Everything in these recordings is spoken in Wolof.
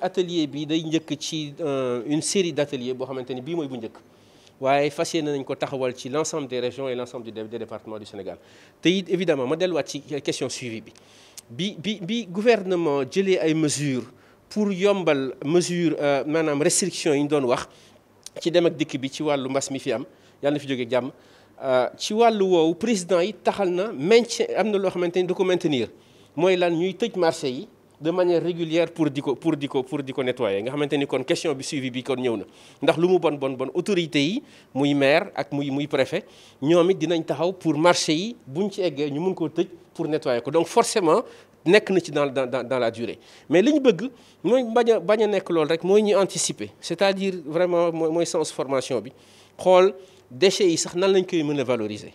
atelier bi day ñëk ci euh, une série d'ateliers, bo xamanteni bi moy bu ñëk waaye fas nañ ko taxawal ci l'ensemble des régions et l'ensemble des départements du Sénégal té évidemment ma wat ci question suivi bi bi bi gouvernement jëlé ay mesures pour yombal mesures euh, manam restrictions yi ñu doon wax ci dem ak dikk bi ci walu mbas mi fi am yalla na fi jógee jàmm euh, ci walu woowu président yi taxal na maintien am na du ko maintenir moy lan ñuy tëj marché yi de manière régulière pour diko pour diko pour diko nettoyer nga xamanteni kon question bi suivi bi kon ñewna ndax lu mu bon bon bon autorité yi muy maire ak muy muy préfet ñoom dinañ taxaw pour marché yi buñ ci eggee ñu mun koo pour nettoyer ko donc forcément nek na ci dans dans dans la durée mais liñ bëgg mooy baña baña nek lool rek moy ñi anticiper c'est-à-dire vraiment moy mooy sens formation bi xol déchets yi sax nan lañ koy mëna valoriser.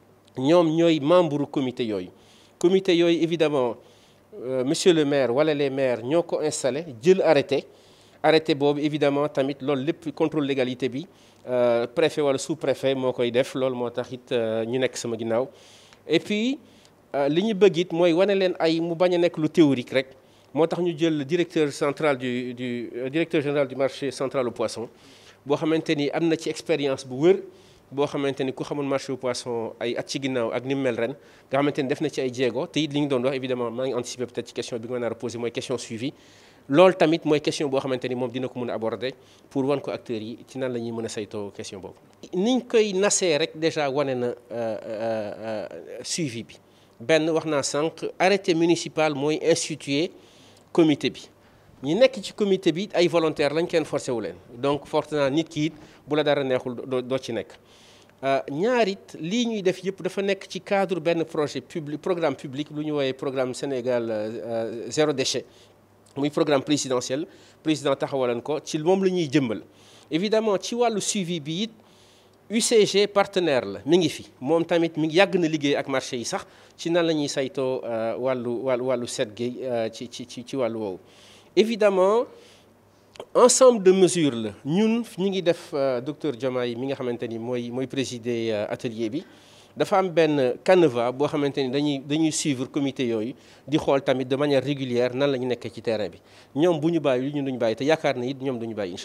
ñom ñoy membre comité yoy comité yoy évidemment euh, monsieur le maire wala les maires ñoko installé jël arrêté arrêté Bob évidemment tamit lool lepp contrôle légalité bi euh, préfet wala sous-préfet moo koy def lool moo tax it euh, ñu nek sama ginnaw et puis li ñu bëgg it mooy wane leen ay mu baña nek lu théorique rek moo tax ñu jël directeur central du du directeur général du marché central au poisson bo xamanteni amna ci expérience bu wër boo xamante ni ku xamul marché poisson ay at ci ginnaaw ak nim mel ren nga xamanteni ni def na ci ay jéego te yit li ñu doon wax évidemment maa ngi anticiper peut-être ci question bi nga mën poser moy question suivi loolu tamit moy question bo xamanteni mom dina ko mën aborder pour wan ko acteur yi ci nan la ñuy sayto question boobu. niñ koy nasee rek déjà wane na euh, euh, euh, suivi bi ben waxna naa arrêté municipal moy instituer comité bi ñi nekk ci comité bi ay volontaire lañ kenn forcé wu leen donc forcé nit ki it bu la dara neexul doo ci nekk euh, ñaarit lii ñuy def yëpp dafa nekk ci cadre benn projet public programme public lu ñu woowee programme Sénégal euh, zéro déchet muy programme présidentiel président taxawalan ko ci moom la ñuy jëmbal évidemment ci wàllu suivi bi it UCG partenaire la mi ngi fi moom tamit mi ngi yàgg na liggéey ak marché yi sax ci nan la ñuy saytoo euh, wàllu wàllu wàllu set gi ci ci ci wàllu woowu évidemment ensemble de mesures la ñun ñi ngi def euh, docteur Jamaï, mi nga xamanteni moy moy présider euh, atelier bi dafa am ben canevas bo xamanteni dañuy dañuy suivre comité yooyu di xol tamit de manière régulière nan la nekk ci terrain bi ñom buñu bay bàyyi ñu duñu bay te yaakaar na ñom duñu bàyyi